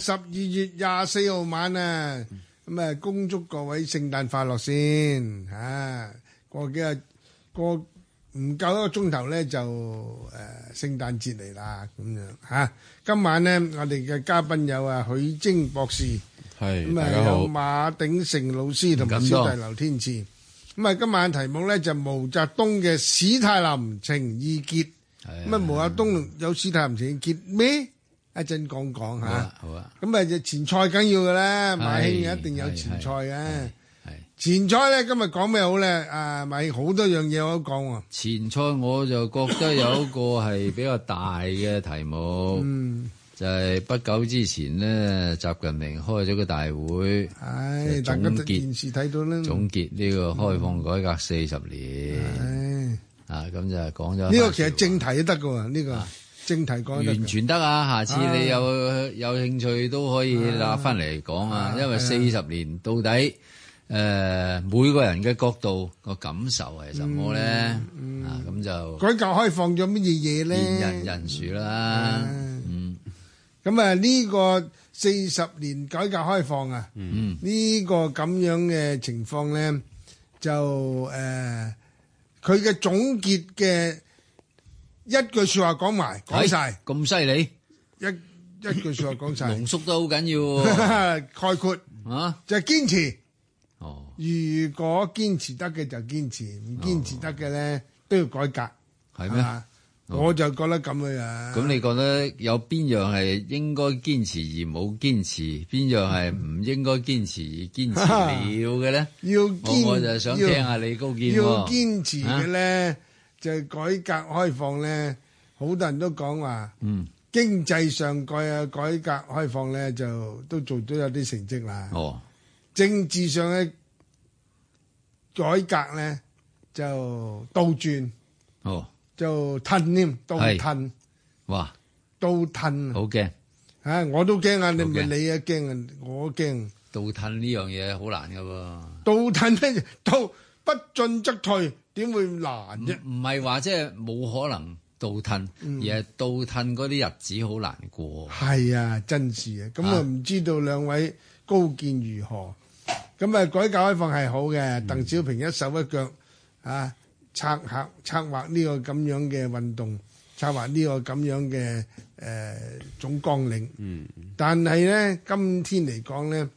十二月廿四號晚啊，咁啊恭祝各位聖誕快樂先吓，過幾日過唔夠一個鐘頭咧就誒聖誕節嚟啦咁樣吓。今晚咧我哋嘅嘉賓有啊許楨博士係咁啊，有馬鼎盛老師同埋小弟劉天賜，咁啊今晚題目咧就毛澤東嘅史太林情意結，咁啊毛澤東有史太林情意結咩？一陣講講吓，好啊！咁啊，前賽緊要嘅咧，馬兄一定有前賽嘅。前賽咧，今日講咩好咧？啊，咪好多樣嘢我都講啊！前賽我就覺得有一個係比較大嘅題目，就係不久之前咧，習近平開咗個大會，等今次電視睇到咧，總結呢個開放改革四十年。啊，咁就講咗呢個其實正題都得喎，呢個。正題講完全得啊！下次你有有興趣都可以攞翻嚟講啊！因為四十年到底誒，每個人嘅角度個感受係什麼咧？啊，咁就改革開放咗乜嘢嘢咧？人人事啦，嗯。咁啊呢個四十年改革開放啊，呢個咁樣嘅情況咧，就誒佢嘅總結嘅。一句說話講埋，改晒咁犀利，一一句說話講晒濃縮得好緊要，概括啊，就係堅持。哦，如果堅持得嘅就堅持，唔堅持得嘅咧都要改革，係咩？我就覺得咁樣啊。咁你覺得有邊樣係應該堅持而冇堅持，邊樣係唔應該堅持而堅持了嘅咧？要我就想聽下你高見，要堅持嘅咧。就係改革開放咧，好多人都講話，經濟上嘅改革開放咧就都做咗有啲成績啦。哦，政治上嘅改革咧就倒轉，哦就褪添，倒褪，哇，倒褪，好驚！啊，我都驚啊，你咪你啊驚啊，我驚。倒褪呢樣嘢好難㗎喎，倒褪咧倒。不進則退，點會難啫？唔係話即係冇可能倒褪，而係倒褪嗰啲日子好難過。係啊，真係、嗯、啊！咁啊，唔知道兩位高見如何？咁啊，改革開放係好嘅。嗯、鄧小平一手一腳啊，策劃策劃呢個咁樣嘅運動，策劃呢個咁樣嘅誒、呃、總綱領。嗯，但係咧，今天嚟講咧。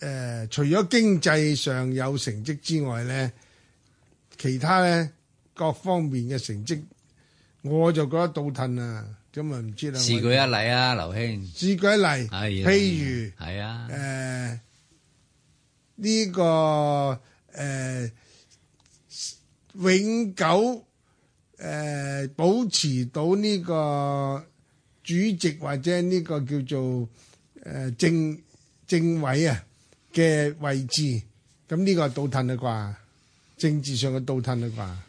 誒，除咗經濟上有成績之外咧，其他咧各方面嘅成績，我就覺得倒騰啊！咁啊，唔知啦。試舉一例啊，劉兄。試舉一例，譬如，係啊，誒呢個誒永久誒保持到呢個主席或者呢個叫做誒政政委啊，嘅位置，咁呢個係倒褪啦啩？政治上嘅倒褪啦啩？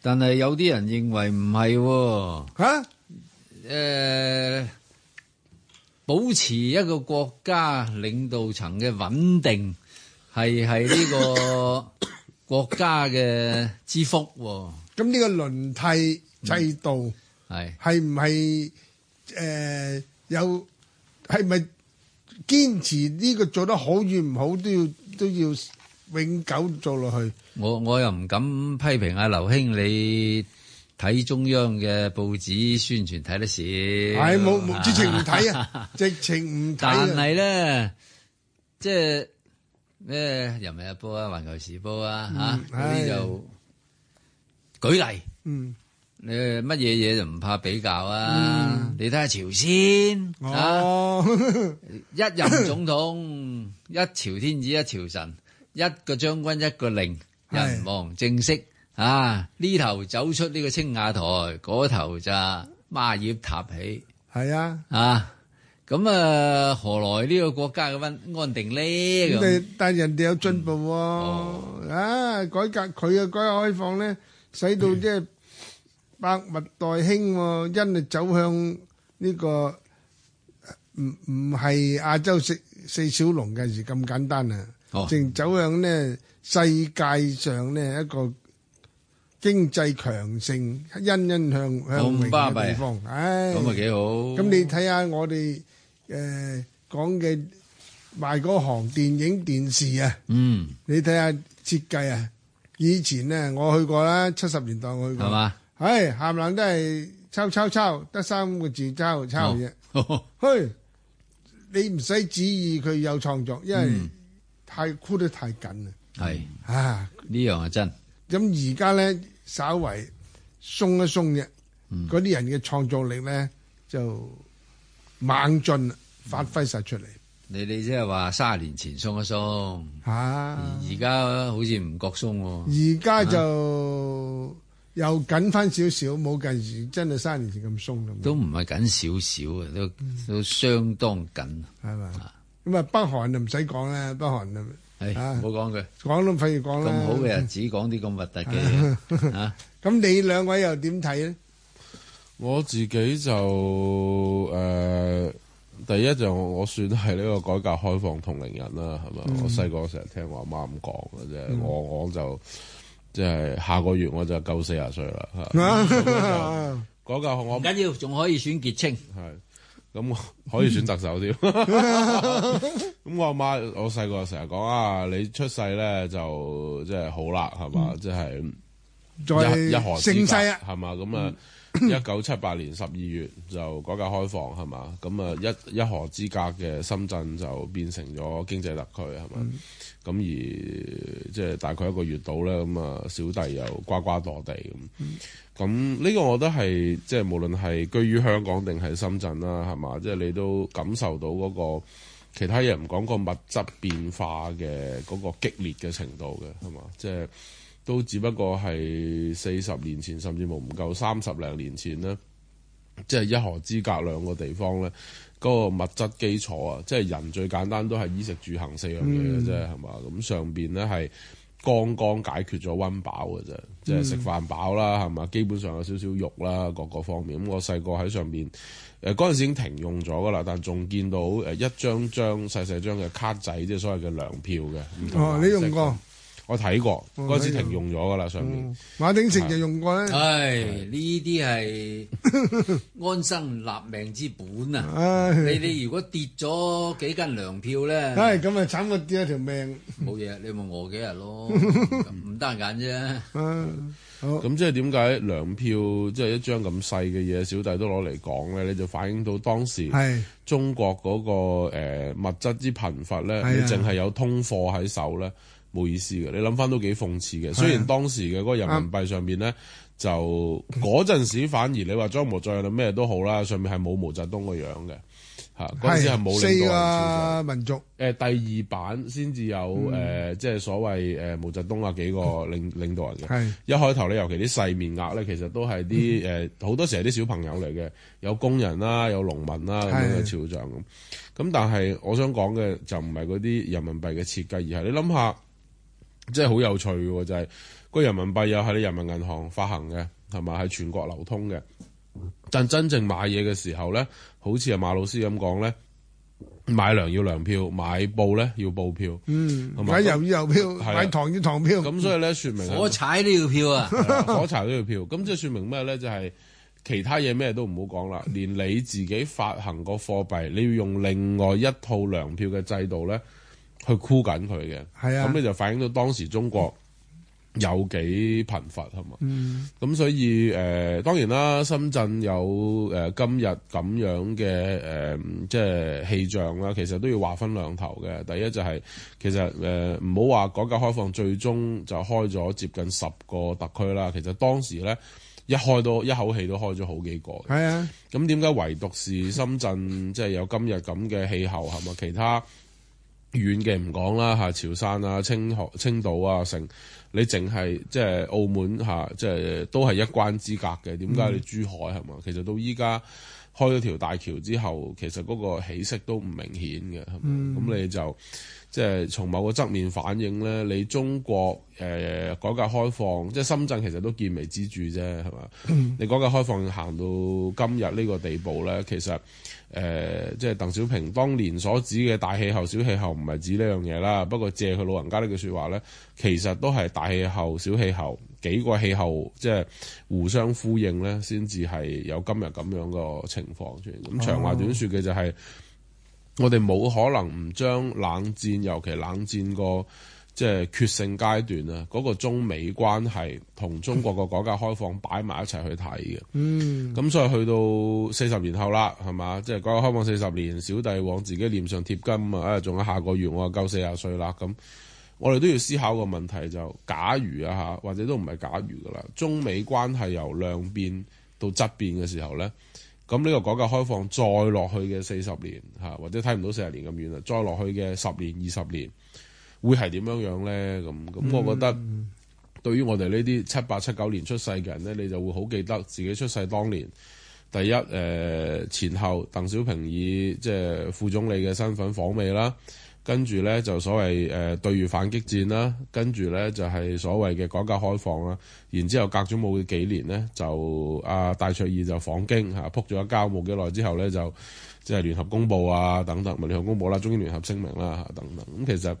但係有啲人認為唔係，哦，吓、啊，誒、呃，保持一個國家領導層嘅穩定，係係呢個國家嘅之福，哦。咁呢個輪替制度係係唔係？誒、呃，有係咪？是堅持呢個做得好與唔好都要都要永久做落去。我我又唔敢批評阿劉兄，你睇中央嘅報紙宣傳睇得少。係冇，直情唔睇啊！直情唔睇。但係咧，即係咩人民日報啊、環球時報啊，吓嗰啲就舉例。嗯。你乜嘢嘢就唔怕比較啊？你睇下朝鮮啊，一任總統一朝天子一朝臣，一個將軍一個令，人亡政息啊！呢頭走出呢個青瓦台，嗰頭就瓦業塌起，係啊啊！咁啊，何來呢個國家嘅温安定呢？咁但人哋有進步喎，啊改革佢嘅改革開放咧，使到即係。百物待興，因為走向呢個唔唔係亞洲四四小龍嘅事咁簡單啊！正走向呢世界上呢一個經濟強盛、欣欣向向榮嘅地方。咁咪幾好？咁你睇下我哋誒講嘅賣嗰行電影電視啊。嗯，你睇下設計啊！以前呢我去過啦，七十年代我去過。係嘛？唉，冚唪唥、哎、都係抄抄抄，得三個字抄抄嘅。去、哦，你唔使旨意佢有創作，因為太箍、嗯、得太緊啦。係是，啊、嗯、呢樣係真。咁而家咧，稍為鬆一鬆嘅，嗰啲、嗯、人嘅創作力咧就猛進，發揮晒出嚟。你哋即係話卅年前鬆一鬆，啊、而家好似唔覺鬆喎、啊。而家、啊、就。又緊翻少少，冇近時真係三年前咁鬆咁。都唔係緊少少啊，都都相當緊。係嘛？咁啊，北韓就唔使講啦，北韓啊，唉，唔好講佢，講都費事講啦。咁好嘅日子，講啲咁核突嘅嘢啊！咁你兩位又點睇咧？我自己就誒，第一就我算係呢個改革開放同齡人啦，係嘛？我細個成日聽我阿媽咁講嘅啫，我講就。即係下個月我就夠四十歲啦，嗰個、 嗯那個、我唔緊要，仲可以選傑青，係咁可以選特首添。咁 我阿媽我細個成日講啊，你出世咧就即係好啦，係嘛，即係一河之隔，係嘛，咁啊。 一九七八年十二月就改革開放係嘛？咁啊一一河之隔嘅深圳就變成咗經濟特區係嘛？咁 而即係大概一個月到咧，咁啊小弟又呱呱墮地咁。咁呢、 呢個我覺得係即係無論係居於香港定係深圳啦，係嘛？即係你都感受到嗰、嗰個其他人唔講個物質變化嘅嗰、嗰個激烈嘅程度嘅係嘛？即係。 都只不過係四十年前，甚至乎唔夠三十零年前咧，即係一河之隔兩個地方咧，嗰個物質基礎啊，即係人最簡單都係衣食住行四樣嘢嘅啫，係嘛？嗯，咁上邊咧係剛剛解決咗温飽嘅啫，嗯，即係食飯飽啦，係嘛？基本上有少少肉啦，各各方面。咁我細個喺上邊，誒嗰陣時已經停用咗噶啦，但仲見到誒一張張細細張嘅卡仔，即係所謂嘅糧票嘅。哦，你用過。我睇過嗰陣、哦、時停用咗噶啦，上、嗯、面馬鼎盛就用過咧。係呢啲係安身立命之本啊！ 哎、你哋如果跌咗幾斤糧票咧，係咁咪慘過跌一條、啊、命。冇嘢，你咪餓幾日咯，唔單揀啫。咁、哎、即係點解糧票即係一張咁細嘅嘢，小弟都攞嚟講咧，你就反映到當時係中國嗰、那個誒、呃、物質之貧乏咧，你淨係有通貨喺手咧。冇意思嘅，你諗翻都幾諷刺嘅。雖然當時嘅嗰個人民幣上邊咧，就嗰陣時反而你話裝模作樣咩都好啦，上面係冇毛澤東個樣嘅，嚇嗰陣時係冇領導人肖像，民族，誒第二版先至有誒，即係所謂誒毛澤東啊幾個領領導人嘅。係一開頭咧，尤其啲細面額咧，其實都係啲誒好多時係啲小朋友嚟嘅，有工人啦，有農民啦咁樣嘅肖像咁。咁但係我想講嘅就唔係嗰啲人民幣嘅設計，而係你諗下。即係好有趣嘅，就係、是、個人民幣又喺人民銀行發行嘅，同埋喺全國流通嘅。但真正買嘢嘅時候咧，好似阿馬老師咁講咧，買糧要糧票，買布咧要布票，嗯，吧買油要油票，啊、買糖要糖票。咁、嗯、所以咧，說明火柴都要票啊，火柴都要票。咁 即係說明咩咧？就係、是、其他嘢咩都唔好講啦，連你自己發行個貨幣，你要用另外一套糧票嘅制度咧。去箍緊佢嘅，咁你、啊、就反映到當時中國有幾貧乏係嘛？咁、嗯、所以誒、呃，當然啦，深圳有誒、呃、今日咁樣嘅誒、呃，即係氣象啦，其實都要話分兩頭嘅。第一就係、是、其實誒，唔好話改革開放最終就開咗接近十個特區啦。其實當時咧一開都一口氣都開咗好幾個。係啊，咁點解唯獨是深圳即係 有今日咁嘅氣候係嘛？其他？遠嘅唔講啦嚇，潮汕啊、青海、青島啊，成你淨係即係澳門嚇、啊，即係都係一關之隔嘅。點解你珠海係嘛？其實到依家開咗條大橋之後，其實嗰個起色都唔明顯嘅，係咁、嗯、你就即係、就是、從某個側面反映咧，你中國誒改革開放，即係深圳其實都見微知著啫，係嘛？嗯、你改革開放行到今日呢個地步咧，其實～誒、呃，即係鄧小平當年所指嘅大、大氣候、小氣候，唔係指呢樣嘢啦。不過借佢老人家呢句説話呢，其實都係大氣候、小氣候幾個氣候即係互相呼應咧，先至係有今日咁樣個情況出現。咁長話短説嘅就係，我哋冇可能唔將冷戰，尤其冷戰個。即係決勝階段啊，嗰個中美關係同中國個改革開放擺埋一齊去睇嘅。咁、嗯、所以去到四十年後啦，係嘛？即係改革開放四十年，小弟往自己臉上貼金啊！誒、哎，仲有下個月我啊夠四十歲啦咁。我哋都要思考個問題就：假如啊嚇，或者都唔係假如噶啦，中美關係由量變到質變嘅時候咧，咁呢個改革開放再落去嘅四十年嚇，或者睇唔到四十年咁遠啦，再落去嘅十年、二十年，會係點樣樣咧？咁咁，嗯、我覺得對於我哋呢啲七八七九年出世嘅人咧，你就會好記得自己出世當年。第一誒、呃，前後鄧小平以即係副總理嘅身份訪美啦，跟住咧就所謂誒對越反擊戰啦，跟住咧就係、是、所謂嘅改革開放啦。然後、啊啊、之後隔咗冇幾年咧，就阿戴卓爾就訪京嚇，撲咗一跤。冇幾耐之後咧，就即、是、係聯合公佈啊等等，聯合公佈啦，中英聯合聲明啦嚇等等。咁其實～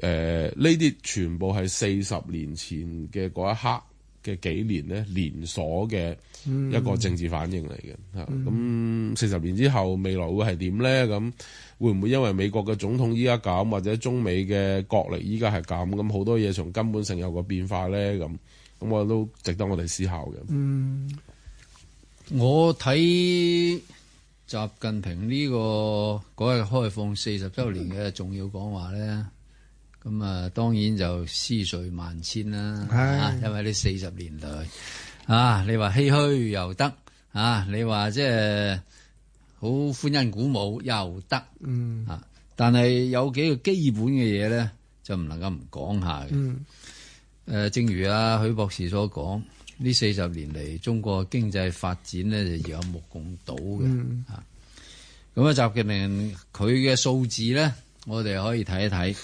誒呢啲全部係四十年前嘅嗰一刻嘅幾年咧，連鎖嘅一個政治反應嚟嘅嚇。咁四十年之後未來會係點呢？咁會唔會因為美國嘅總統依家咁，或者中美嘅國力依家係咁？咁好多嘢從根本性有個變化呢？咁咁我都值得我哋思考嘅。嗯，我睇習近平呢個嗰日開放四十週年嘅重要講話呢。咁啊，嗯、當然就思緒萬千啦。係，因為呢四十年代，啊，你話唏噓又得啊，你話即係好歡欣鼓舞又得。嗯啊，但係有幾個基本嘅嘢咧，就唔能夠唔講下嘅。嗯、呃，正如阿、啊、許博士所講，呢四十年嚟中國經濟發展咧，就有目共睹嘅。嗯咁啊，習近平佢嘅數字咧，我哋可以睇一睇。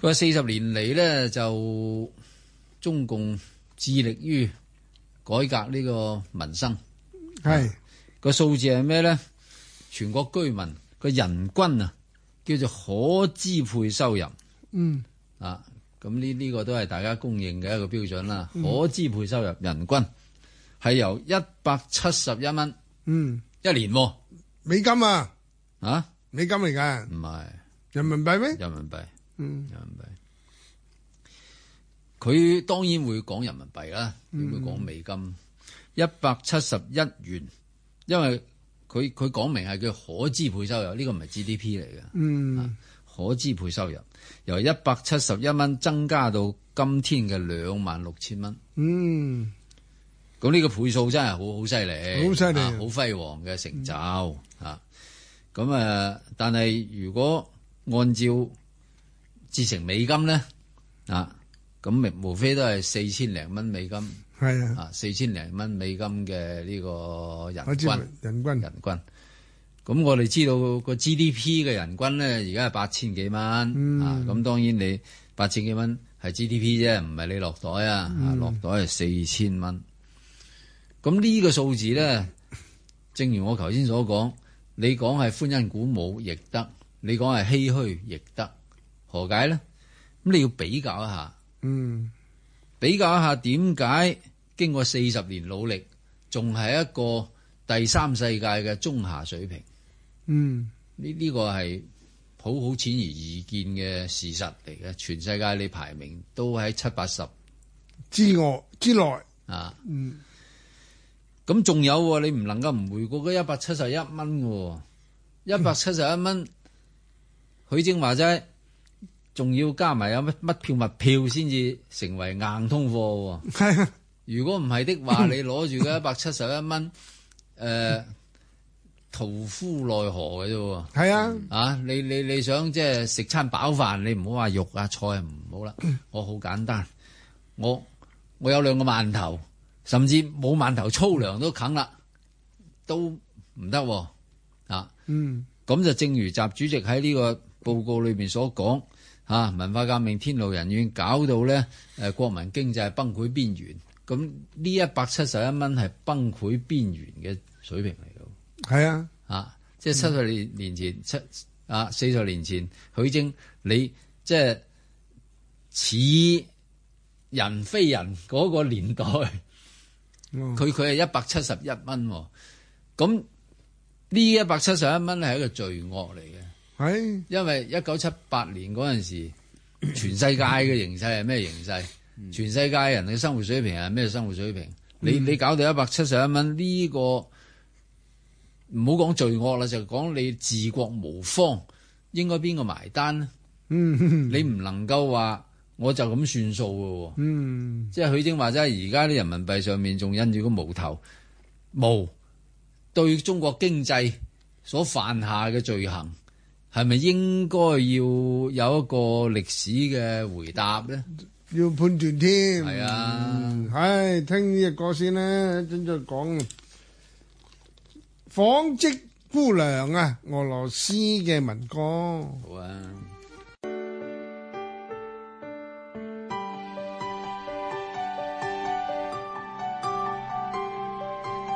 佢話四十年嚟咧，就中共致力於改革呢個民生。係個是、啊、數字係咩咧？全國居民嘅人均啊，叫做可支配收入。嗯啊，咁呢呢個都係大家公認嘅一個標準啦。嗯、可支配收入人均係由一百七十一蚊。嗯，一年喎、啊、美金啊？嚇、啊，美金嚟噶？唔係是人民幣咩？人民幣。嗯，人民幣佢當然會講人民幣啦，點會講美金一百七十一元？因為佢佢講明係佢可支配收入呢、這個唔係 GDP 嚟嘅。嗯，啊、可支配收入由一百七十一蚊增加到今天嘅兩萬六千蚊。嗯，咁呢個倍數真係好好犀利，好犀利，好輝、啊啊、煌嘅成就啊！咁、嗯、啊，但係如果按照折成美金咧啊，咁無非都係四千零蚊美金，係的啊，四千零蚊美金嘅呢個人均人均人均。咁我哋知，知道個 G D P 嘅人均咧，而家係八千幾蚊啊。咁當然你八千幾蚊係 G D P 啫，唔係你落袋啊。嗯、啊落袋係四千蚊。咁呢個數字咧，正如我頭先所講，你講係歡欣鼓舞亦得，你講係唏噓亦得。何解咧？咁你要比較一下，嗯，比較一下點解經過四十年努力，仲係一個第三世界嘅中下水平？嗯，呢呢個係好好淺而易見嘅事實嚟嘅。全世界你排名都喺七八十之外之內啊。嗯，咁仲有、啊、你唔能夠唔回過嗰一百七十一蚊嘅，一百七十一蚊許正華啫。仲要加埋有乜乜票物票先至成為硬通貨喎？係 如果唔係的話， 你攞住嘅一百七十一蚊，誒、呃，屠夫奈何嘅啫喎？係啊！啊，你你你想即係食餐飽飯，你唔好話肉啊菜唔、啊、好啦。我好簡單，我我有兩個饅頭，甚至冇饅頭粗糧都啃啦，都唔得啊！啊嗯，咁就正如習主席喺呢個報告裏邊所講。嚇、啊！文化革命天怒人怨，搞到咧誒、呃，國民經濟崩潰邊緣，咁呢一百七十一蚊係崩潰邊緣嘅水平嚟嘅。係啊，啊！啊，即係七十年前七啊，四十年前，許楨你即係似人非人嗰個年代，佢佢係一百七十一蚊。咁呢一百七十一蚊係一個罪惡嚟嘅。係，因為一九七八年嗰陣時，全世界嘅形勢係咩形勢？全世界人嘅生活水平係咩生活水平？你你搞到一百七十一蚊呢個唔好講罪惡啦，就講你治國無方，應該邊個埋單咧？ 你唔能夠話我就咁算數噶。嗯， 即係許楨話齋，而家啲人民幣上面仲印住個毛頭，毛對中國經濟所犯下嘅罪行。係咪應該要有一個歷史嘅回答咧？要判斷添。係啊，唉，聽呢一個先啦，一陣再講。紡織姑娘啊，俄羅斯嘅民歌。好啊。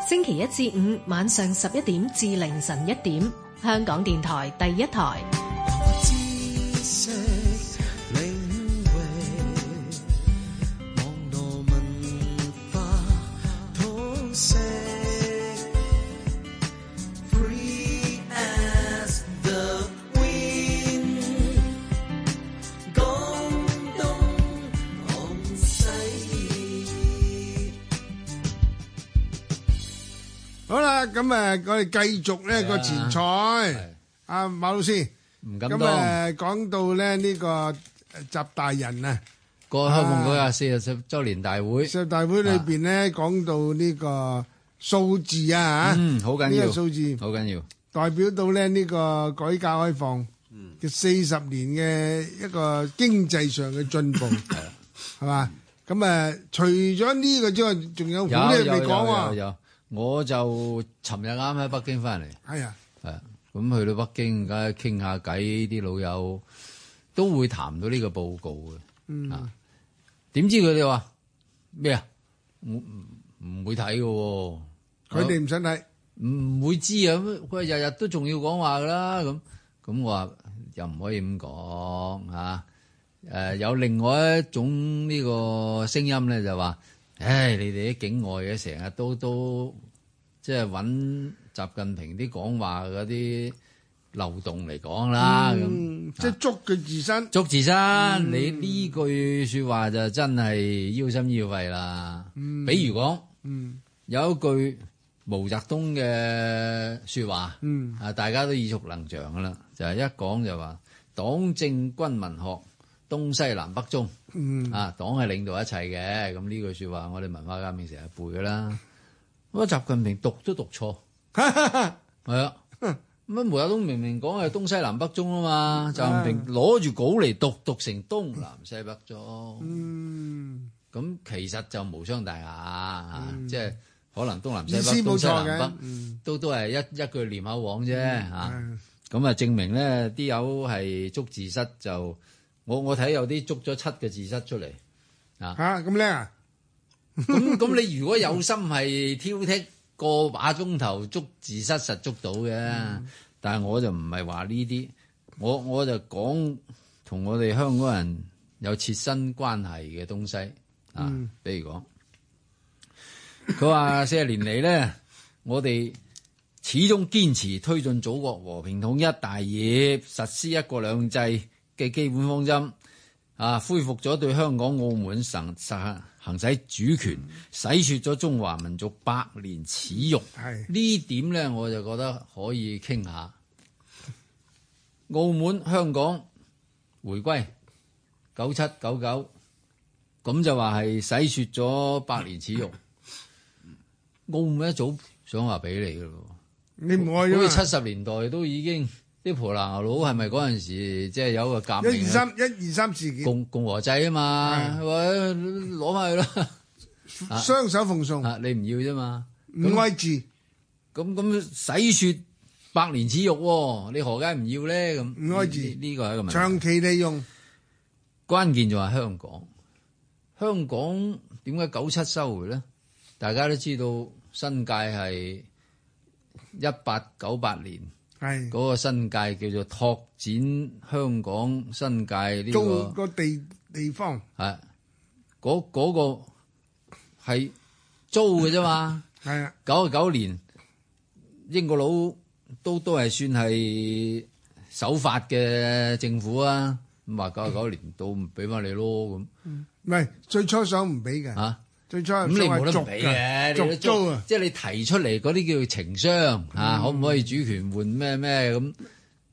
星期一至五晚上十一點至凌晨一點。香港電台第一台。咁啊，我哋繼續呢個前菜，阿馬老師。咁誒，講到咧呢個習大人咧個香港嘅四啊十周年大會，十大會裏邊咧講到呢個數字啊，嗯，好緊要，呢個數字好緊要，代表到咧呢個改革開放嘅四十年嘅一個經濟上嘅進步，係嘛？咁啊，除咗呢個之外，仲有冇啲嘢講喎？我就尋日啱喺北京翻嚟，係啊、哎呀，係啊，咁去到北京，梗係傾下偈，啲老友都會談到呢個報告嘅。嗯，啊，點知佢哋話咩啊？唔唔會睇㗎喎，佢哋唔想睇，唔會知天天啊。佢日日都仲要講話㗎啦。咁咁我話又唔可以咁講吓。誒，有另外一種呢個聲音咧，就話。唉，你哋喺境外嘅成日都都即係揾習近平啲講話啲漏洞嚟講啦，咁、嗯、那即係捉佢自身。捉自身，嗯、你呢句說話就真係腰心腰肺啦。嗯，比如講嗯，有一句毛澤東嘅說話嗯，啊，大家都耳熟能詳噶啦，就係、是、一講就話黨政軍民學。東西南北中，啊，黨係領導一切嘅。咁呢句説話我哋文化革命成日背㗎啦。咁啊，習近平讀都讀錯，係啊。咁啊，毛澤東明明講係東西南北中啊嘛，習近平攞住稿嚟讀，讀成東南西北中，咁其實就無傷大雅，即係可能東南西北西南北都都係一一句唸口簧啫嚇，咁啊，證明咧啲友係捉字蝨就。我我睇有啲捉咗七個字蝨出嚟啊，吓，咁叻啊！咁咁、啊、 你如果有心係挑剔個把鐘頭捉字蝨實捉到嘅。嗯、但係我就唔係話呢啲，我我就講同我哋香港人有切身關係嘅東西啊，嗯、比如講佢話四十年嚟咧， 我哋始終堅持推進祖國和平統一大業，實施一國兩制。嘅基本方針啊，恢復咗對香港、澳門行行行使主權，洗雪咗中華民族百年恥辱。的點呢點咧，我就覺得可以傾下。澳門、香港回歸九七、九九，咁就話係洗雪咗百年恥辱。 澳門一早想話俾你噶啦，好似七十年代都已經。啲葡萄牙佬係咪嗰陣時即係有個革命？一二三一二三事件，共共和制啊嘛，攞翻去咯，雙手奉送。啊，你唔要啫嘛？唔愛字，咁咁洗雪百年恥辱喎，你何解唔要咧？咁唔愛字呢個係個問題。長期利用，關鍵就係香港。香港點解九七收回咧？大家都知道，新界係一八九八年。係嗰個新界叫做拓展香港新界，呢個租個地地方係嗰嗰個係租嘅啫嘛。係啊九啊九年英國佬都都係算係守法嘅政府啊，咁話九啊九年到唔俾翻你咯，咁唔係最初想唔俾嘅嚇。啊最初係咁你冇得俾嘅，即係你提出嚟嗰啲叫做情商啊，可唔可以主權換咩咩咁？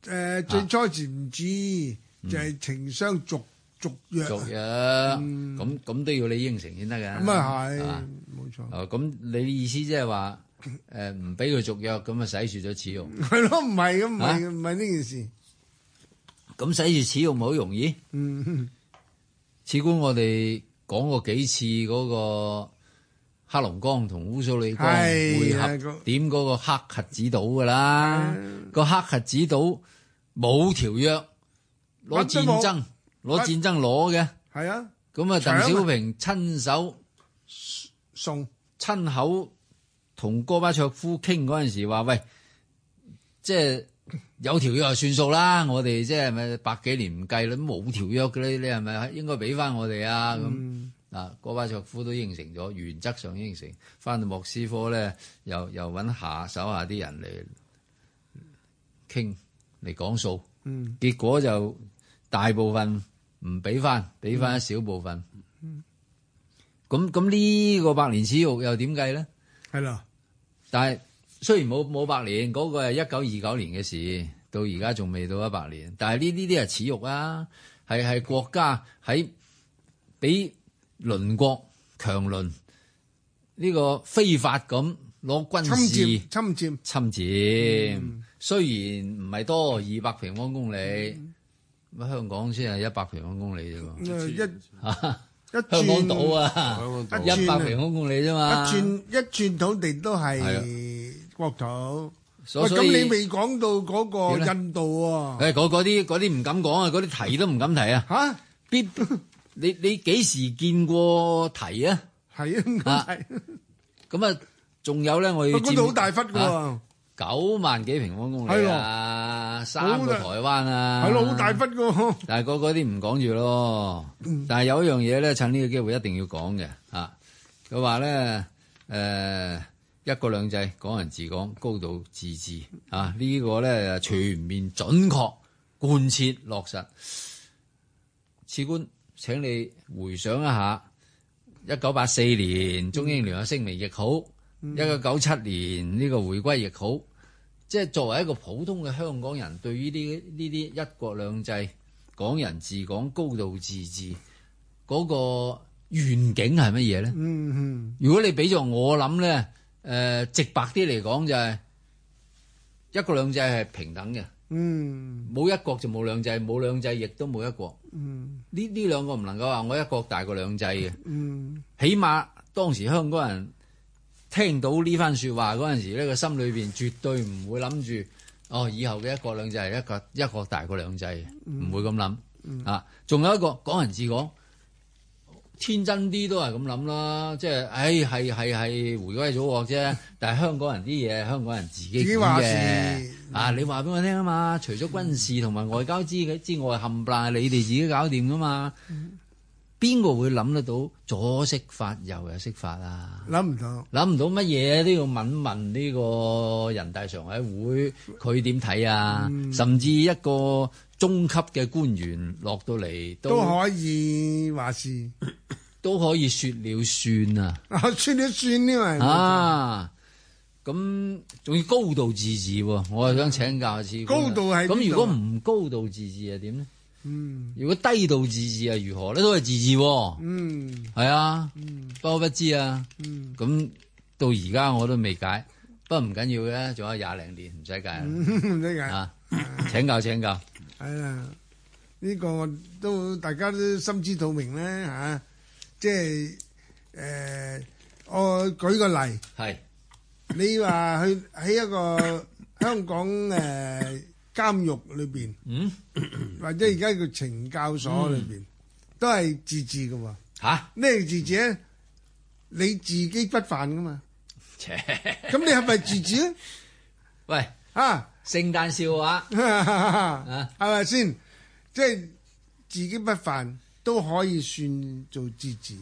誒，最初字唔知就係情商續續約，咁咁都要你應承先得嘅。咁啊係，冇錯。哦，咁你意思即係話誒，唔俾佢續約咁啊，使住咗恥辱。係咯，唔係咁，唔係唔係呢件事。咁使住恥辱唔好容易。嗯，事關我哋。講過幾次嗰個黑龍江同烏蘇里江匯合點嗰個黑瞎子島噶啦，個黑瞎子島冇條約，攞戰爭攞戰爭攞嘅。係啊，咁啊，鄧小平親手送，親口同戈巴卓夫傾嗰陣時話，喂，即係。有條約就算數啦，我哋即係咪百幾年唔計啦？冇條約嘅呢？你係咪應該俾翻我哋啊？咁嗱、嗯，戈巴卓夫都應承咗，原則上應承。翻到莫斯科咧，又又搵下手下啲人嚟傾嚟講數，嗯、結果就大部分唔俾翻，俾翻一小部分。咁咁呢個百年恥辱又點計咧？係啦的，但係。雖然冇冇百年，嗰、嗰個係一九二九年嘅事，到而家仲未到一百年，但係呢呢啲係恥辱啊！係係國家喺俾鄰國強鄰呢個非法咁攞軍事侵占、侵占、侵占。雖然唔係多二百平方公里，咁、嗯、香港先係一百平方公里啫嘛。嗯、一、啊、一,一香港島啊，一百、嗯、平方公里啫嘛、嗯。一寸一寸土地都係。國土，所以，喂，咁你未講到嗰個印度喎？誒，嗰嗰啲嗰啲唔敢講啊，嗰啲提都唔敢提啊！嚇，啲，你你幾時見過提啊？係啊，咁啊，仲有咧，我要。嗰度好大忽嘅喎，九萬幾平方公里啊，三個台灣啊，係咯，好大忽嘅。但係個嗰啲唔講住咯，但係有一樣嘢咧，趁呢個機會一定要講嘅嚇，佢話咧，誒。一國兩制，港人治港，高度自治啊！這個、呢個咧全面準確貫徹落實。賜官請你回想一下，一九八四年中英聯合聲明亦好，一九九七年呢、這個回歸亦好。即係作為一個普通嘅香港人，對於呢呢啲一國兩制、港人治港、高度自治嗰、那個願景係乜嘢咧？嗯嗯，如果你俾咗我諗咧。誒、呃、直白啲嚟講就係、是、一國兩制係平等嘅，冇、嗯、一國就冇兩制，冇兩制亦都冇一國。呢呢、嗯、兩個唔能夠話我一國大過兩制嘅，嗯嗯、起碼當時香港人聽到呢番説話嗰陣時咧，個心裏邊絕對唔會諗住哦，以後嘅一國兩制係一個一國大過兩制唔、嗯、會咁諗、嗯嗯、啊。仲有一個港人治港。天真啲都係咁諗啦，即係，唉、哎，係係係迴歸祖國啫。但係香港人啲嘢，香港人自己話嘅啊，嗯、你話俾我聽啊嘛。除咗軍事同埋外交之嘅之外，冚唪唥你哋自己搞掂噶嘛。邊個、嗯、會諗得到左釋法右又釋法啊？諗唔到，諗唔到乜嘢都要問問呢個人大常委會佢點睇啊？嗯、甚至一個中級嘅官員落到嚟都可以話事。都可以說了算啊！啊說了算呢啊！咁仲要高度自治，啊，我啊想請教一次。高度係咁、啊，如果唔高度自治係點呢？嗯，如果低度自治係如何咧？都係自治，啊，嗯，係啊，嗯、不過不知啊，咁、嗯、到而家我都未解，不過唔緊要嘅，仲有廿零年唔使解唔使解啊！請教請教，係啊、哎，呢、呢個都大家都心知肚明咧，吓、啊。即係誒，我舉個例，係是你話去喺一個香港誒監獄裏邊， 面嗯，或者而家叫懲教所裏邊，都係自治嘅喎。咩自治？你自己不犯嘅嘛？咁你係咪自治啊？喂啊！哈聖誕笑話，係咪先？即係自己不犯。都可以算做自治，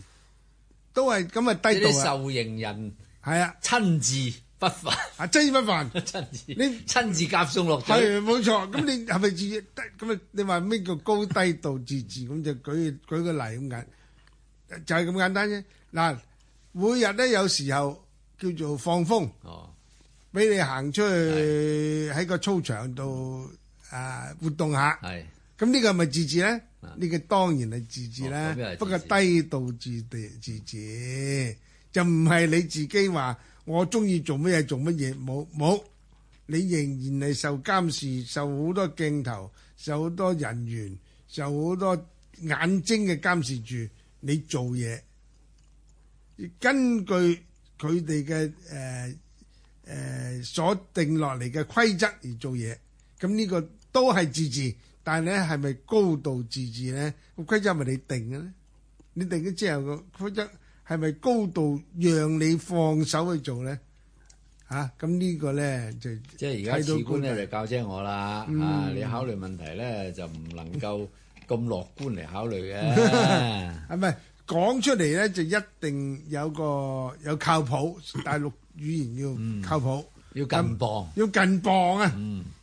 都係咁啊，低度啊受刑人係啊，親自不凡啊，真不凡，親自你親自夾餸落去，係冇錯。咁 你係咪自治得咁啊？你話咩叫高低度自治？咁就舉舉個例咁解，就係、是、咁簡單啫。嗱，每日咧有時候叫做放風，俾、哦、你行出去喺個操場度是啊活動下，咁呢是個係咪自治咧？呢個當然係自治啦，治不過低度自，自治就唔係你自己話我鍾意做乜嘢做乜嘢，冇冇你仍然係受監視，受好多鏡頭，受好多人員，受好多眼睛嘅監視住你做嘢。根據佢哋嘅誒誒所定落嚟嘅規則而做嘢，咁、這、呢個都係自治。但係咧，係咪高度自治咧？個規則係咪你定嘅咧？你定咗之後個規則係咪高度讓你放手去做咧？嚇，咁呢個咧就即係而家試官咧就教遮我啦嚇！你考慮問題咧就唔能夠咁樂觀嚟考慮嘅。係咪講出嚟咧就一定有個有靠譜？大陸語言要靠譜，要近磅，要近磅啊！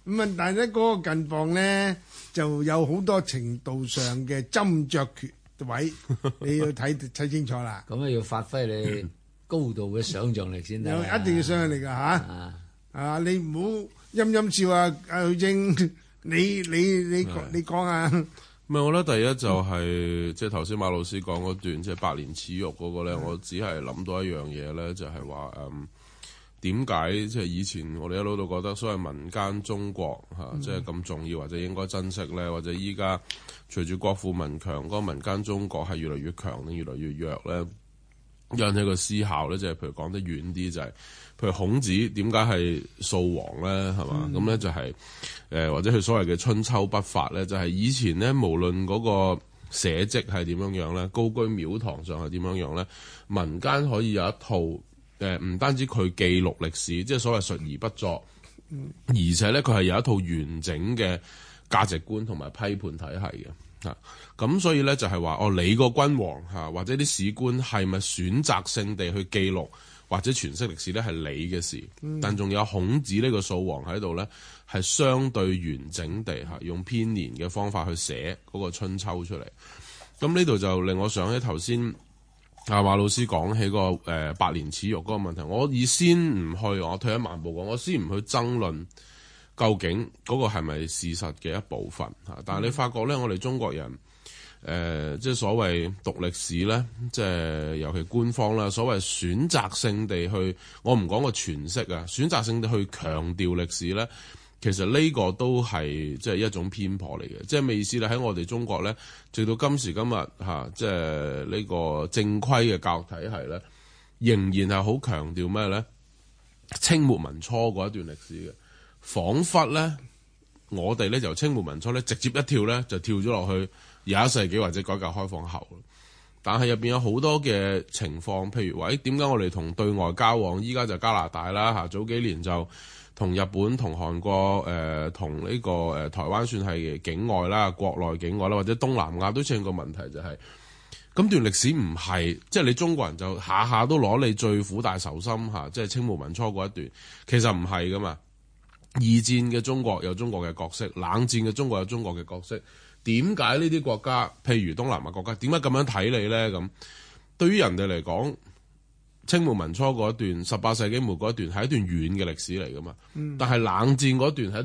咁啊，但係咧嗰個近磅咧。就有好多程度上嘅斟酌嘅位，你要睇睇清楚啦。咁啊，要發揮你高度嘅想像力先得。 一定要想像力噶嚇啊，啊！你唔好陰陰笑啊，阿許楨，你你你講你講的下。咪、嗯、我覺得第一就係、是、即係頭先馬老師講嗰段，即係百年恥辱嗰、那個咧，的我只係諗到一樣嘢咧，就係、是、話嗯。點解即係以前我哋一路都覺得所謂民間中國嚇，即係咁重要或者應該珍惜咧，或者依家隨住國富民強，嗰個民間中國係越嚟越強，越嚟越弱咧？引起個思考咧，就係、是、譬如講得遠啲，就係、是、譬如孔子點解係素王咧，係嘛？咁咧、嗯、就係、是、誒、呃，或者佢所謂嘅春秋筆法咧，就係、是、以前咧，無論嗰個社稷係點樣樣咧，高居廟堂上係點樣樣咧，民間可以有一套。誒唔單止佢記錄歷史，即係所謂述而不作，而且咧佢係有一套完整嘅價值觀同埋批判體系嘅嚇。咁、啊、所以咧就係、是、話哦，你個君王嚇、啊、或者啲史官係咪選擇性地去記錄或者詮釋歷史咧，係你嘅事。嗯、但仲有孔子呢個素王喺度咧，係相對完整地嚇、啊、用編年嘅方法去寫嗰個春秋出嚟。咁呢度就令我想起頭先。阿、啊、馬老師講起個誒、呃、百年恥辱嗰個問題，我以先唔去，我退一萬步講，我先唔去爭論究竟嗰個係咪事實嘅一部分吓、啊。但係你發覺咧，我哋中國人誒、呃，即係所謂讀歷史咧，即係尤其官方啦，所謂選擇性地去，我唔講個詮釋啊，選擇性地去強調歷史咧。其實呢個都係即係一種偏頗嚟嘅，即係咩意思咧？喺我哋中國咧，直到今時今日嚇、啊，即係呢個正規嘅教育體系咧，仍然係好強調咩咧？清末民初嗰一段歷史嘅，彷彿咧我哋咧由清末民初咧直接一跳咧就跳咗落去廿一世紀或者改革開放後。但係入邊有好多嘅情況，譬如話，誒點解我哋同對外交往依家就加拿大啦嚇，早幾年就。同日本、同韓國、誒、呃、同呢、這個誒、呃、台灣算係境外啦、國內境外啦，或者東南亞都出現個問題，就是，就係咁段歷史唔係，即係你中國人就下下都攞你最苦大仇深，嚇、啊，即係清末民初嗰一段，其實唔係噶嘛。二戰嘅中國有中國嘅角色，冷戰嘅中國有中國嘅角色。點解呢啲國家，譬如東南亞國家，點解咁樣睇你咧？咁對於人哋嚟講？清末民初嗰一段，十八世紀末嗰一段係一段遠嘅歷史嚟噶嘛？但係冷戰嗰段係一段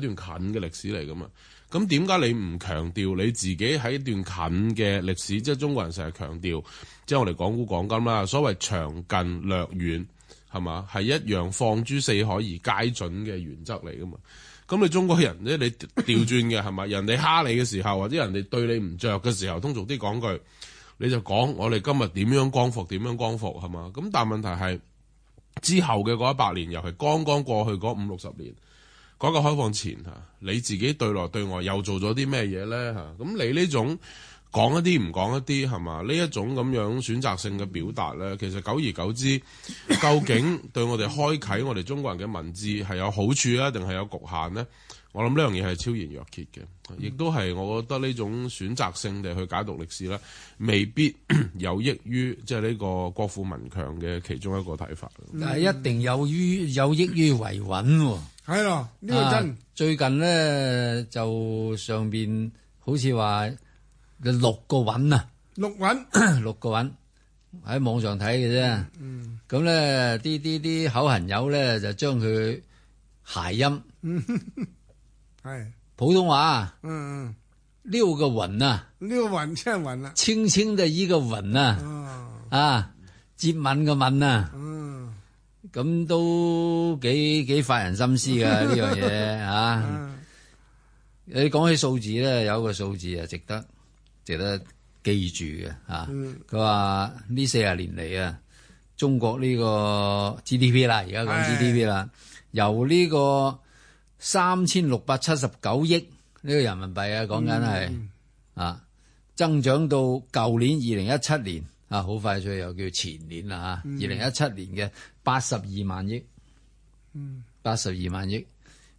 近嘅歷史嚟噶嘛？咁點解你唔強調你自己喺一段近嘅歷史？即係中國人成日強調，即係我哋講古講今啦。所謂長近略遠係嘛？係一樣放諸四海而皆準嘅原則嚟噶嘛？咁你中國人咧，你調轉嘅係咪？ 人哋蝦你嘅時候，或者人哋對你唔着嘅時候，通俗啲講句。你就講我哋今日點樣光復，點樣光復係嘛？咁但問題係之後嘅嗰一百年，尤其剛剛過去嗰五六十年，改革開放前嚇，你自己對內對外又做咗啲咩嘢咧嚇？咁你呢種講一啲唔講一啲係嘛？呢一種咁樣選擇性嘅表達咧，其實久而久之，究竟對我哋開啟我哋中國人嘅文字係有好處啊，定係有局限咧？我諗呢樣嘢係超然若揭嘅，亦都係我覺得呢種選擇性地去解讀歷史咧，未必有益於即係呢個國富民強嘅其中一個睇法。嗯、但係一定有於有益於維穩喎。係咯，呢個真。最近咧就上面好似話六個穩啊，六穩穎， 六個穩喺網上睇嘅啫。咁咧啲啲啲口痕友咧就將佢諧音。嗯 普通話，嗯嗯，六、嗯啊、個吻呐、啊，六吻千吻啦，輕輕的一個吻呐，啊，接吻個吻啊，咁、嗯、都幾幾發人心思嘅呢樣嘢吓。你講起數字咧，有一個數字啊，值得值得記住嘅吓。佢話呢四十年嚟啊，中國呢個 GDP 啦，而家講 GDP 啦，唉由呢、這個。三千六百七十九億呢個人民幣啊，講緊係啊，增長到舊年二零一七年啊，好快脆又叫前年啦吓，二零一七年嘅八十二萬億，嗯，八十二萬億，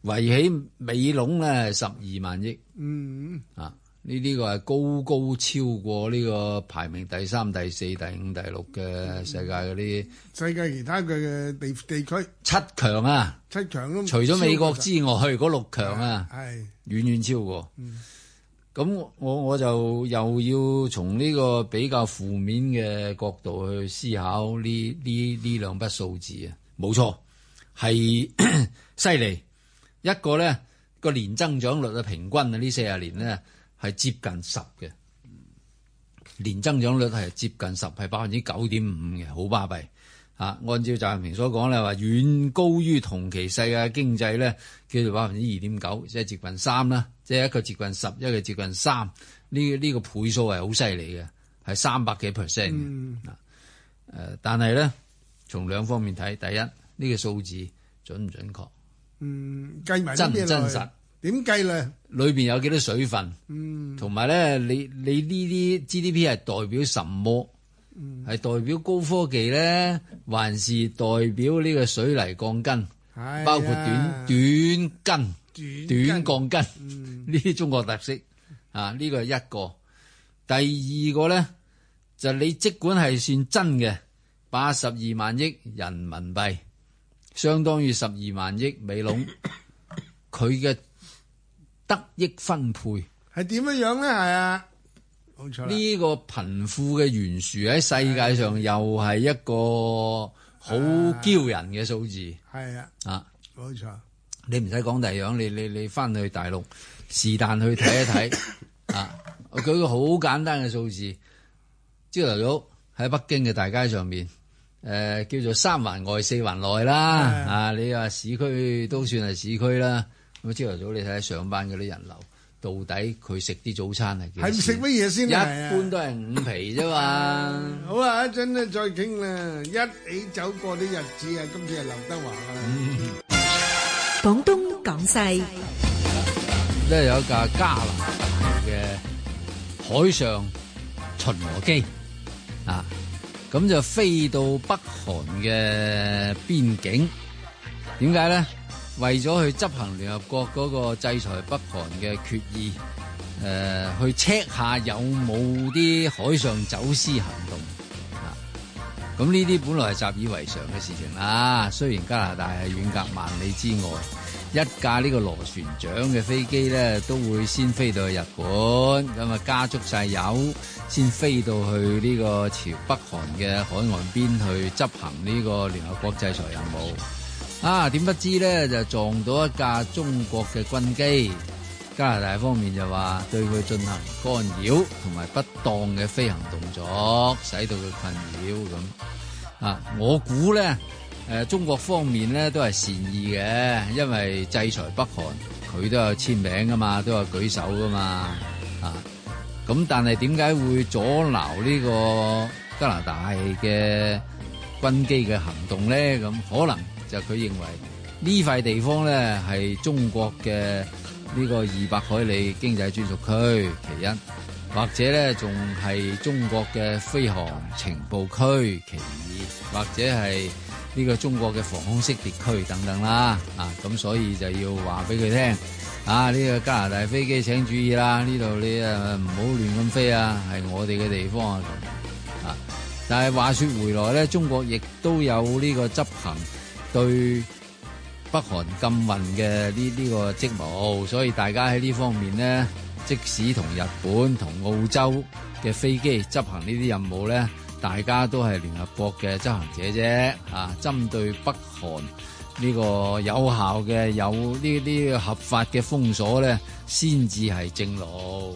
圍起尾籠咧十二萬億，嗯啊。呢啲個係高高超過呢個排名第三、第四、第五、第六嘅世界嗰啲世界其他嘅地地區七強啊，七強除咗美國之外，去嗰的六強啊，係遠遠超過咁、嗯、我我就又要從呢個比較負面嘅角度去思考呢呢呢兩筆數字啊，冇錯係犀利一個咧、呢個年增長率嘅平均啊呢四十年咧。係接近十嘅，年增長率係接近十，係百分之九點五嘅，好巴閉吓。按照習近平所講咧，話遠高於同期世界經濟咧，叫做百分之二點九，即係接近三啦，即係一個接近十，一個接近三，呢呢個倍數係好犀利嘅，係三百幾 percent 嘅。誒，嗯、但係咧，從兩方面睇，第一呢、這個數字準唔準確？嗯，計埋啲咩來？真唔真實？點計咧？裏邊有幾多水分？嗯，同埋咧，你你呢啲 GDP 係代表什麼？嗯，係代表高科技咧，還是代表呢個水泥鋼筋？啊、包括短短筋、短筋、短筋、短鋼筋呢啲中國特色啊！呢個係一個。第二個咧，就你即管係算真嘅八十二萬億人民幣，相當於十二萬億美籠，佢嘅。 得益分配係點樣樣咧？係啊，冇錯，呢個貧富嘅懸殊喺世界上，啊、又係一個好驕人嘅數字。係啊，啊，冇錯好。你唔使講第二樣，你你你翻去大陸是但去睇一睇啊！我舉個好簡單嘅數字，朝頭早喺北京嘅大街上面，誒、呃，叫做三環外四環內啦。啊，啊你話市區都算係市區啦。咁朝頭早你睇下上班嗰啲人流，到底佢食啲早餐係幾？係食乜嘢先？一般都係五皮啫嘛。好啊，一陣再傾啦，一起走過啲日子啊。今次係劉德華啊。廣東廣西，即係有一架加拿大嘅海上巡邏機啊，咁就飛到北韓嘅邊境。點解咧？為咗去執行聯合國嗰個制裁北韓嘅決議，誒、呃，去 check 下有冇啲海上走私行動啊！咁呢啲本來係習以為常嘅事情啦、啊。雖然加拿大係遠隔萬里之外，一架呢個螺旋槳嘅飛機咧，都會先飛到去日本，咁啊加足晒油，先飛到去呢個朝北韓嘅海岸邊去執行呢個聯合國制裁任務。啊！點不知咧，就撞到一架中國嘅軍機。加拿大方面就話對佢進行干擾同埋不當嘅飛行動作，使到佢困擾咁。啊！我估咧，誒、呃，中國方面咧都係善意嘅，因為制裁北韓，佢都有簽名噶嘛，都有舉手噶嘛。啊！咁但係點解會阻撓呢個加拿大嘅軍機嘅行動咧？咁可能就佢認為呢塊地方呢係中國嘅呢個二百海里經濟專屬區其一，或者呢仲係中國嘅飛航情報區其二，或者係呢個中國嘅防空識別區等等啦啊！咁所以就要話俾佢聽啊！呢個加拿大飛機請注意啦，呢度你啊唔好亂咁飛啊，係我哋嘅地方啊！啊！但係話說回來呢中國亦都有呢個執行。對北韓禁運嘅呢呢個職務，所以大家喺呢方面咧，即使同日本、同澳洲嘅飛機執行呢啲任務咧，大家都係聯合國嘅執行者啫。啊，針對北韓呢個有效嘅有呢啲合法嘅封鎖呢先至係正路。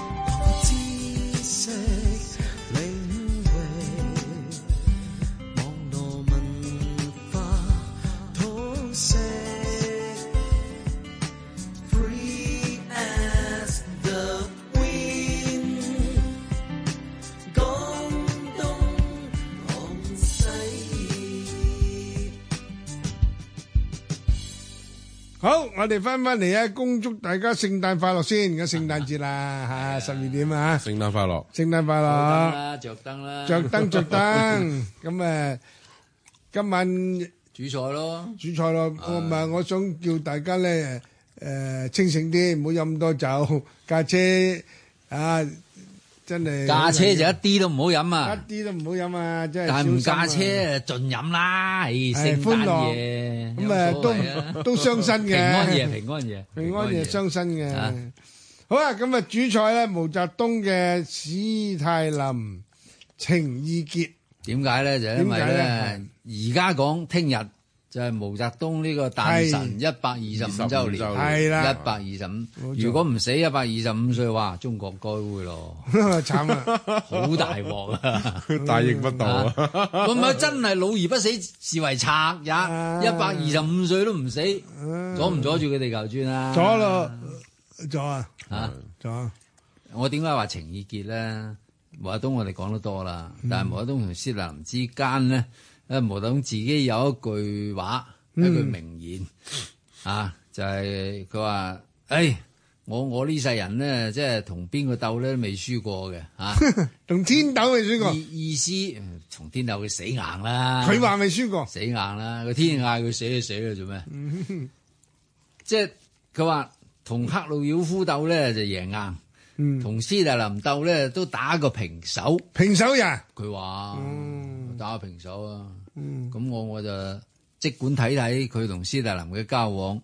我哋翻翻嚟啊！恭祝大家聖誕快樂先，而家聖誕節啦，吓十二點啊！聖誕快樂，聖誕快樂，着燈啦，着燈啦，着燈着燈。咁誒，今晚煮菜咯，煮菜咯。我唔係，我想叫大家咧誒，清醒啲，唔好飲咁多酒，架車啊。真係駕車就一啲都唔好飲啊！一啲都唔好飲啊！真係，但唔駕車啊，盡飲啦！食、哎、聖誕咁誒，嗯啊、都 都傷身嘅。平安夜，平安夜，平安夜傷身嘅。啊、好啦，咁啊，主菜咧，毛澤東嘅《史泰林情意結》點解咧？就是、因為咧，而家講聽日。就係毛澤東呢個大神一百二十五周年，一百二十五。的125，如果唔死一百二十五歲話，中國該會咯， 慘啊了！好大鑊啊！ 大逆不道啊！咁係 真係老而不死，是為賊也。一百二十五歲都唔死，阻唔阻住佢地球轉啊？阻啦，阻啊！嚇，阻！阻。我點解話情意結咧？毛澤東我哋講得多啦，但係毛澤東同斯大林之間咧。阿毛等自己有一句話，嗯、一句名言啊，就係佢話：誒、哎，我我呢世人呢，即係同邊個鬥咧都未輸過嘅嚇，同、啊、 天鬥未輸過。意思從天鬥佢死硬啦。佢話未輸過，死硬啦，個天嗌佢死就死啦，做咩？ 即係佢話同赫魯曉夫鬥咧就贏硬，同、嗯、斯大林鬥咧都打個平手。平手呀？佢話、嗯，打個平手啊。嗯，咁我我就即管睇睇佢同斯大林嘅交往。誒、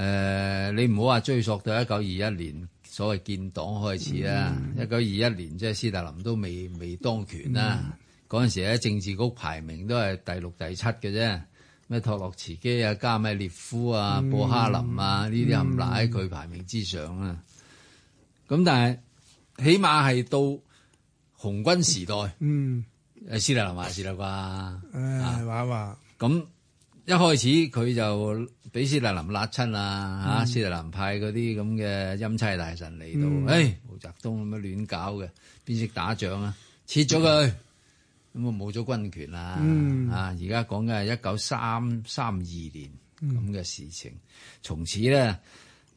呃，你唔好話追溯到一九二一年所謂建黨開始啊，一九二一年即係斯大林都未未當權啦。嗰陣、嗯、時咧，政治局排名都係第六、第七嘅啫。咩托洛茨基啊、加米列夫啊、嗯、布哈林啊，呢啲冚唪唥喺佢排名之上啊。咁、嗯嗯、但係起碼係到紅軍時代，嗯。嗯誒，斯大林話事啦啩，話話咁一開始佢就俾斯大林辣親啊，吓，斯大林派嗰啲咁嘅欽差大臣嚟到，誒毛澤東咁樣亂搞嘅，邊識打仗啊？撤咗佢，咁啊冇咗軍權啦，啊而家講緊係一九三三二年咁嘅事情，從此咧，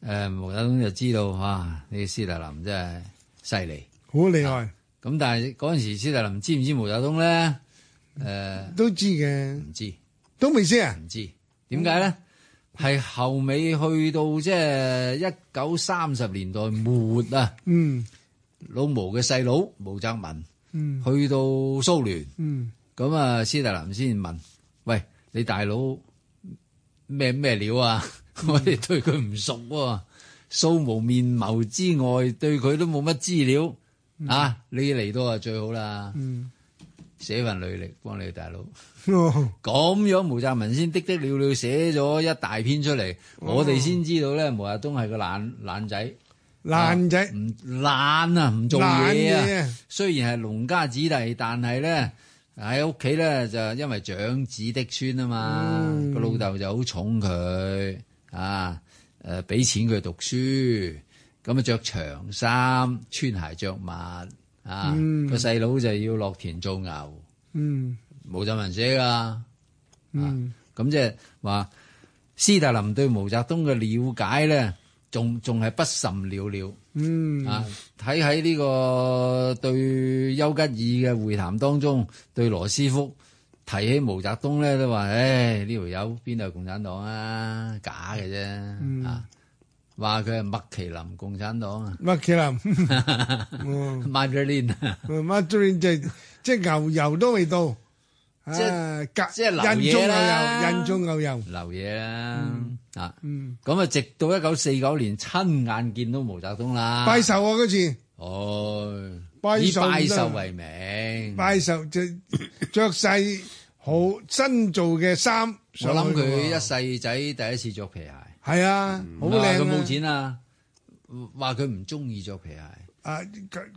誒毛澤東就知道哇，呢斯大林真係犀利，好厲害。咁但係嗰陣時，斯大林知唔知毛澤東咧？誒，都知嘅。唔知，都未知啊？唔知點解咧？係後尾去到即係一九三十年代末啊。嗯。老毛嘅細佬毛澤民，嗯，去到蘇聯，嗯，咁啊，斯大林先問：喂，你大佬咩咩料啊？我哋對佢唔熟喎，素無面謀之外，對佢都冇乜資料。啊！你嚟都就最好啦，寫、嗯、份履歷幫你大佬。咁、哦、樣，毛澤民先滴滴了了寫咗一大篇出嚟，哦、我哋先知道咧，毛澤東係個懶懶仔，懶仔唔懶啊，唔做嘢啊。啊啊雖然係農家子弟，但係咧，喺屋企咧就因為長子嫡孫啊嘛，個老豆就好寵佢啊，誒俾、嗯、啊、啊、錢佢讀書。咁啊，着長衫、穿鞋穿、着襪、嗯、啊！個細佬就要落田做牛，毛澤文寫噶。咁即係話，嗯、斯大林對毛澤東嘅了解咧，仲仲係不甚了了。嗯、啊，睇喺呢個對丘吉爾嘅會談當中，對羅斯福提起毛澤東咧，都話，唉、哎，呢條友邊度係共產黨啊？假嘅啫。啊！嗯話佢係麥奇林共產黨啊，麥奇林，margarine，margarine 就即牛油都未到，即隔即人造牛油，人造牛油，流嘢啦，啊，咁啊直到一九四九年親眼見到毛澤東啦，拜壽啊嗰次，哦，拜拜壽為名，拜壽就着晒好新做嘅衫，我諗佢一世仔第一次着皮鞋。係啊，好靚啊！佢冇、啊、錢啊，話佢唔中意着皮鞋。啊，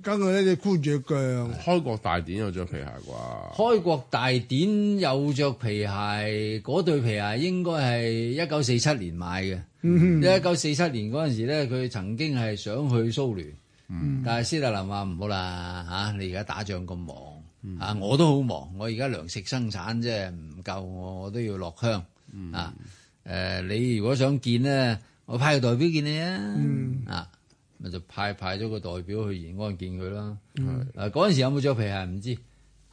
跟住咧，箍住腳，啊、開國大典有着皮鞋啩？開國大典有着皮鞋，嗰對皮鞋應該係一九四七年買嘅。一九四七年嗰陣時咧，佢曾經係想去蘇聯，嗯、但係斯大林話唔好啦，吓、啊、你而家打仗咁忙，啊，我都好忙，我而家糧食生產啫，唔夠我，我都要落鄉啊。嗯誒，你如果想見咧，我派個代表見你啊！啊，咪就派派咗個代表去延安見佢啦。嗰陣時有冇着皮鞋唔知，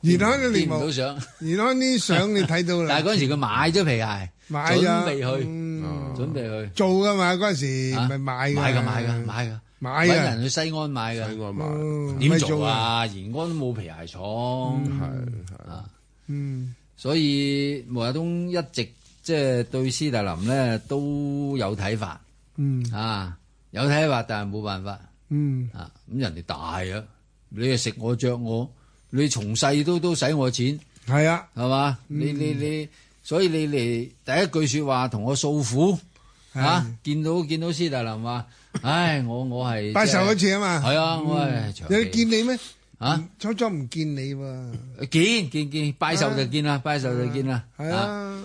延安見唔到相。延安啲相你睇到啦。但係嗰陣時佢買咗皮鞋，準備去，準備去做噶嘛？嗰陣時咪買噶，買噶買噶，買噶，搵人去西安買噶。西安點做啊？延安都冇皮鞋廠，係係啊，嗯，所以毛澤東一直。即係對斯大林咧都有睇法，嗯啊有睇法，但係冇辦法，嗯啊咁人哋大啊，你係食我着我，你從細都都使我錢，係啊，係嘛，你你你，所以你嚟第一句說話同我訴苦，啊見到見到斯大林話，唉我我係拜壽嗰次啊嘛，係啊我係，有見你咩？啊初初唔見你喎，見見見拜壽就見啦，拜壽就見啦，係啊。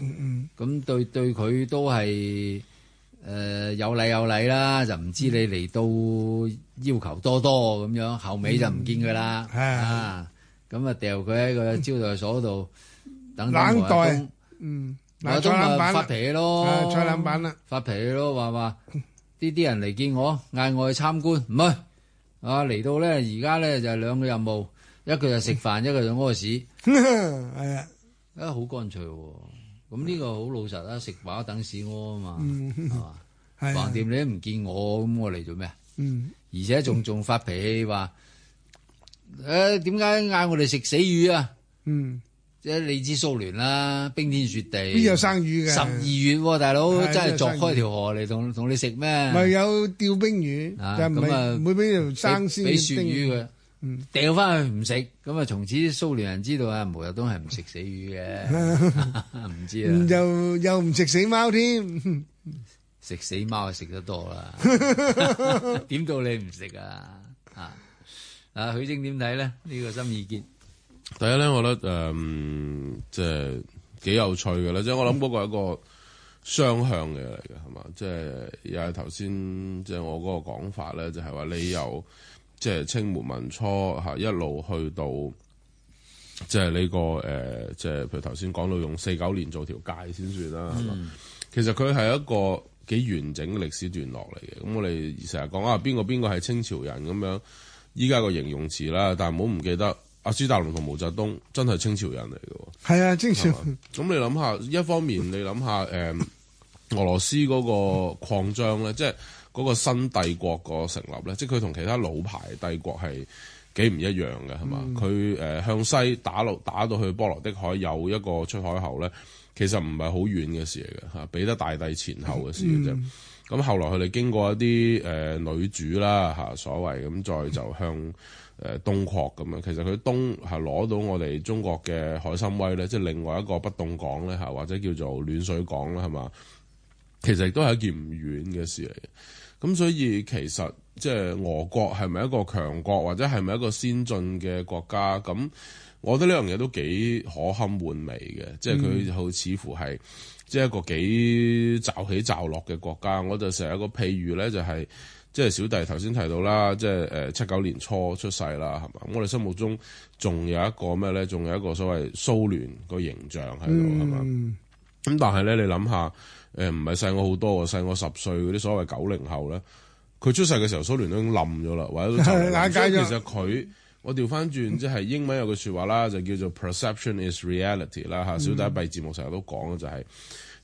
嗯嗯，咁對對佢都係誒有禮有禮啦，就唔知你嚟到要求多多咁樣，後尾就唔見佢啦，係啊，咁啊掉佢喺個招待所度，等待我。嗯，我中午發脾咯，菜冷板啦，發脾咯，話話呢啲人嚟見我，嗌我去參觀，唔係啊嚟到咧，而家咧就係兩個任務，一個就食飯，一個就屙屎，係啊，啊好乾脆。咁呢個好老實啊！食飽等屎屙啊嘛，係嘛？橫掂你都唔見我，咁我嚟做咩啊？嗯，而且仲仲發脾氣話，誒點解嗌我哋食死魚啊？嗯，即係你知蘇聯啦，冰天雪地，邊有生魚嘅？十二月喎，大佬真係鑿開條河嚟同同你食咩？唔係有釣冰魚啊？咁啊，唔會俾條生鮮俾鱈魚嘅。掉翻去唔食，咁啊！從此蘇聯人知道啊，毛澤東係唔食死魚嘅，唔 知啦。又又唔食死貓添，食 死貓係食得多啦。點 到你唔食啊？啊啊！許楨點睇咧？呢、這個情意結。第一咧，我覺得誒，即、呃、係、就是、幾有趣嘅啦，即、就、係、是、我諗嗰個係一個雙向嘅嚟嘅，係嘛？即係又係頭先即係我嗰個講法咧，就係、是、話、就是就是、你又。 即係清末民初嚇，一路去到即係呢個誒，即、呃、係譬如頭先講到用四九年做條界先算啦、嗯。其實佢係一個幾完整嘅歷史段落嚟嘅。咁、嗯、我哋成日講啊，邊個邊個係清朝人咁樣，依家個形容詞啦。但係唔好唔記得阿斯大林同毛澤東真係清朝人嚟嘅。係啊、嗯，清朝。咁你諗下，一方面你諗下誒、嗯，俄羅斯嗰個擴張咧，即係。嗰個新帝國個成立咧，即係佢同其他老牌帝國係幾唔一樣嘅，係嘛？佢誒、嗯呃、向西打落打到去波羅的海，有一個出海口咧，其實唔係好遠嘅事嚟嘅嚇，彼得大帝前後嘅事嘅啫。咁、嗯嗯嗯、後來佢哋經過一啲誒、呃、女主啦嚇、啊、所謂，咁再就向誒東擴咁樣。其實佢東係攞、啊、到我哋中國嘅海參崴咧，即係另外一個不凍港咧嚇、啊，或者叫做暖水港啦，係嘛？其實亦都係一件唔遠嘅事嚟嘅。咁所以其實即係俄國係咪一個強國，或者係咪一個先進嘅國家？咁我覺得呢樣嘢都幾可堪玩味嘅，即係佢好似乎係即係一個幾驟起驟落嘅國家。我就成日一個譬喻咧、就係，就係即係小弟頭先提到啦，即係誒七九年初出世啦，係嘛？我哋心目中仲有一個咩咧？仲有一個所謂蘇聯個形象喺度，係嘛？咁、嗯、但係咧，你諗下。誒，唔係細我好多，細我十歲嗰啲所謂九零後咧，佢出世嘅時候蘇聯都已經冧咗啦，或者 其實佢，我調翻轉即係英文有句說話啦，就叫做 Perception is reality 啦吓。小弟呢個節目成日都講嘅就係、是嗯、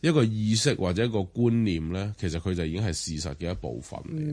一個意識或者一個觀念咧，其實佢就已經係事實嘅一部分嚟。嗯